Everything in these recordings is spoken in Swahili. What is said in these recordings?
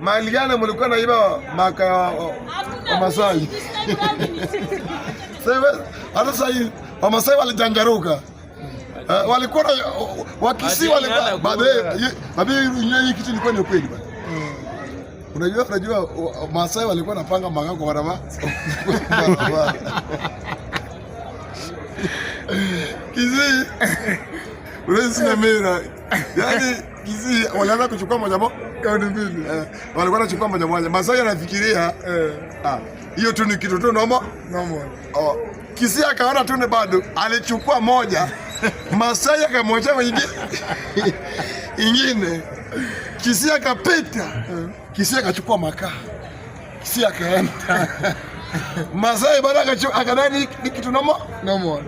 Mahali jana mlikuwa naiba maka ya Masai. Sasa hata sasa Wamasai walijangaruka. Eh, walikuwa wakisi walikuwa babe babe yenyewe kitu ilikuwa ni kweli bwana. Unajua unajua Masai walikuwa napanga manga kwa barabara. Kizi. Unaweza mira. Yaani kizi walianza kuchukua moja moja kaunti mbili eh, walikuwa nachukua moja moja. Masai anafikiria eh, ah, hiyo tu ni kitu tu noma noma. Oh, Kisii akaona tune bado, alichukua moja Masai akamwacha mwingine ingine, Kisii akapita, eh. Kisii akachukua makaa, Kisii akaenda Masai baada akadani ni ni kitu noma noma,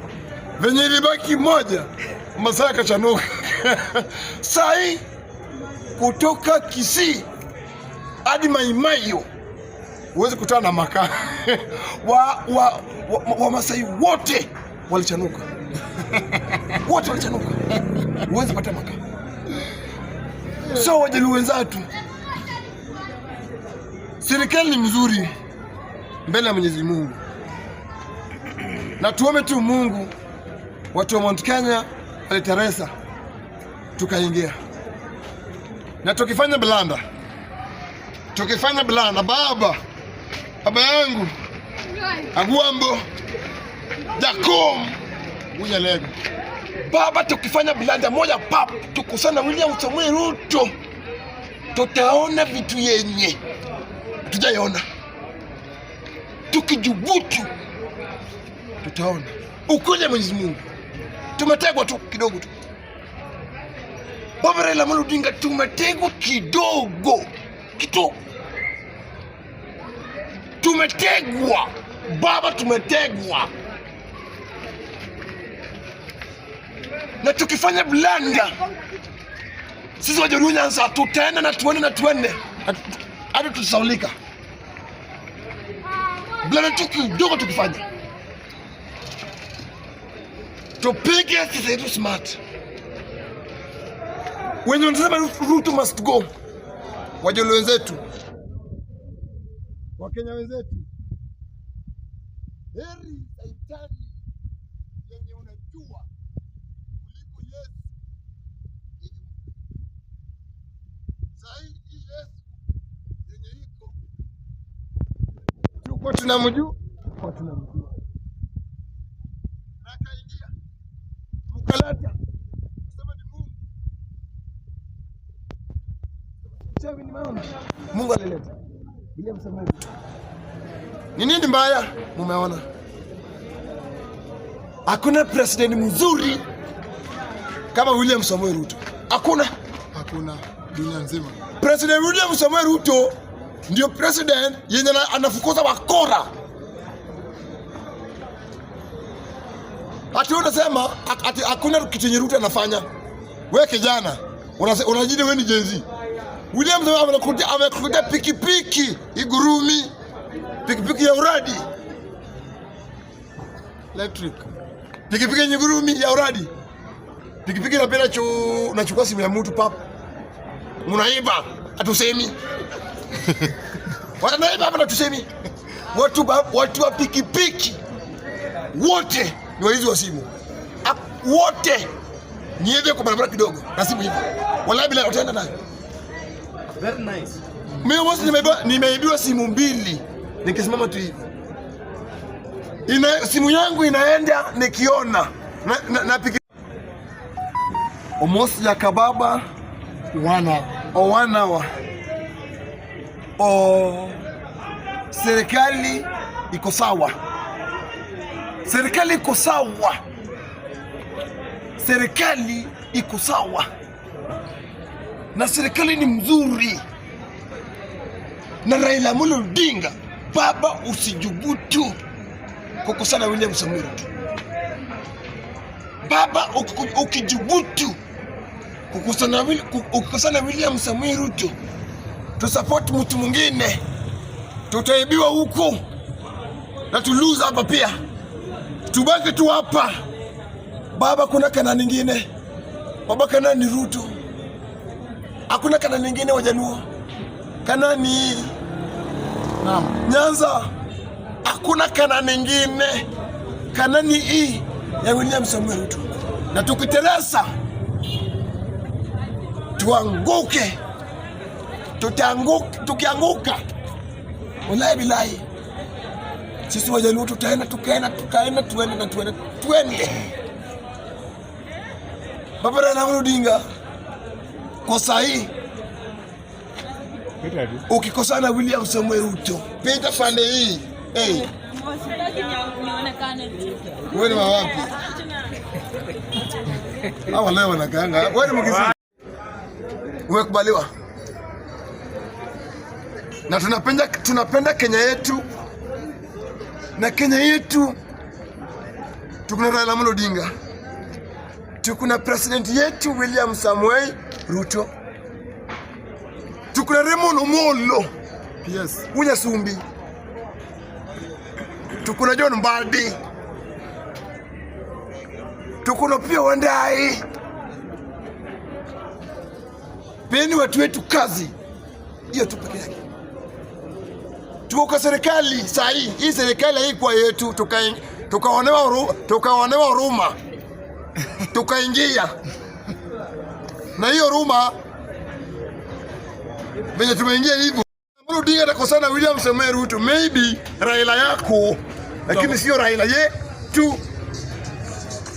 venye ilibaki moja Masai akachanuka sai kutoka Kisii hadi Maimayo huwezi kutana na makaa Wamasai wa, wa, wote walichanuka wote walichanuka, huwezi pata makaa. So Wajaluo wenzatu, serikali ni mzuri mbele ya Mwenyezi Mungu, na tuombe tu Mungu watu wa Mount Kenya, Wale Teresa tukaingia na tukifanya blanda, tukifanya blanda, baba baba yangu agwambo Jakom uya baba, tukifanya blanda moja pap, tukusana William Samuel Ruto, tutaona vitu yenye tujaona. Tukijubutu tutaona ukule Mwenyezi Mungu, tumetegwa tu kidogo tu baba Raila Amolo Odinga tumetegwa kidogo kidogo, tumetegwa baba, tumetegwa na tukifanya blanda sisi wajaruo Nyanza tutaenda na tuende na tuende hadi tutasaulika. Blanda tu kidogo tukifanya, tupige sisi yetu smart wenye wanasema Ruto must go, wajoli wenzetu, Wakenya wenzetu, heri saitani yenye unajua kuliko Yesu. Sahihi Yesu yenye iko tuko tunamjua, tunamjua Mungu alileta. Biblia msema ni nini mbaya? Mumeona hakuna president mzuri kama William Samuel Ruto. Hakuna, hakuna dunia nzima. President William Samuel Ruto ndio president yenye anafukuza wakora. Ati unasema ati hakuna kitu yenye Ruto anafanya. We kijana unajidi, we ni jenzi Williams amekuja amekuja pikipiki igurumi, pikipiki ya uradi electric, pikipiki yenye gurumi ya uradi, pikipiki napenda chu, nachukua simu ya mtu pap, munaiba atusemi wanaiba hapa natusemi watu, ba, watu wa pikipiki wote ni waizi wa simu wote, niende kwa barabara kidogo na simu hivi, wallahi bila utaenda nayo Very nice. Mimi mwanzo nimeibiwa nimeibiwa simu mbili. Nikisimama tu hivi. Ina simu yangu inaenda nikiona. Na, na, Almost ya kababa wana o wana wa. O serikali iko sawa. Serikali iko sawa. Serikali iko sawa na serikali ni mzuri na Raila Amolo Odinga, baba, usijubutu kukosana William Samoei Ruto. Baba, ukijubutu kukosana ukikosana William Samoei Ruto, tusapoti mtu mwingine, tutaibiwa huku na tuluza hapa pia, tubaki tu hapa baba. Kuna kana nyingine baba, kana ni Ruto hakuna kana wengine Wajaluo, kanani naam. Nyanza hakuna kana ingine, kanani hii ya William Samuel Ruto, na tukiteresa tuanguke, tutaanguka. Tukianguka wallahi bilahi, sisi Wajaluo tutaenda tukaenda tukaenda tuende na tuende tuende. Baba Odinga kosa hii ukikosana William Samoei Ruto pita pande hii hey. Wewe ni wapi? Hawa leo wanakaanga. Wewe ni mgizi. Umekubaliwa. Na tunapenda tunapenda Kenya yetu. Na Kenya yetu tukuna Raila Odinga tuko na president yetu William Samuel Ruto, tuko na Raymond Omollo yes, Unyasumbi, tuko na John Mbadi, tuko na pia Wandai. Peni watu wetu kazi hiyo tu peke yake. Tuko kwa serikali saa hii, hii serikali haikuwa yetu, tukaonewa huruma, tuka tukaingia na hiyo Ruma venye tumeingia hivyo, Odinga atakosana William Samoei Ruto, maybe Raila yako lakini sio Raila yetu.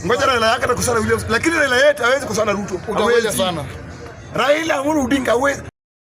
Ngoja Raila yako atakosana William, lakini Raila yetu hawezi kosana Ruto, utaweza sana Raila Amolo Odinga hawezi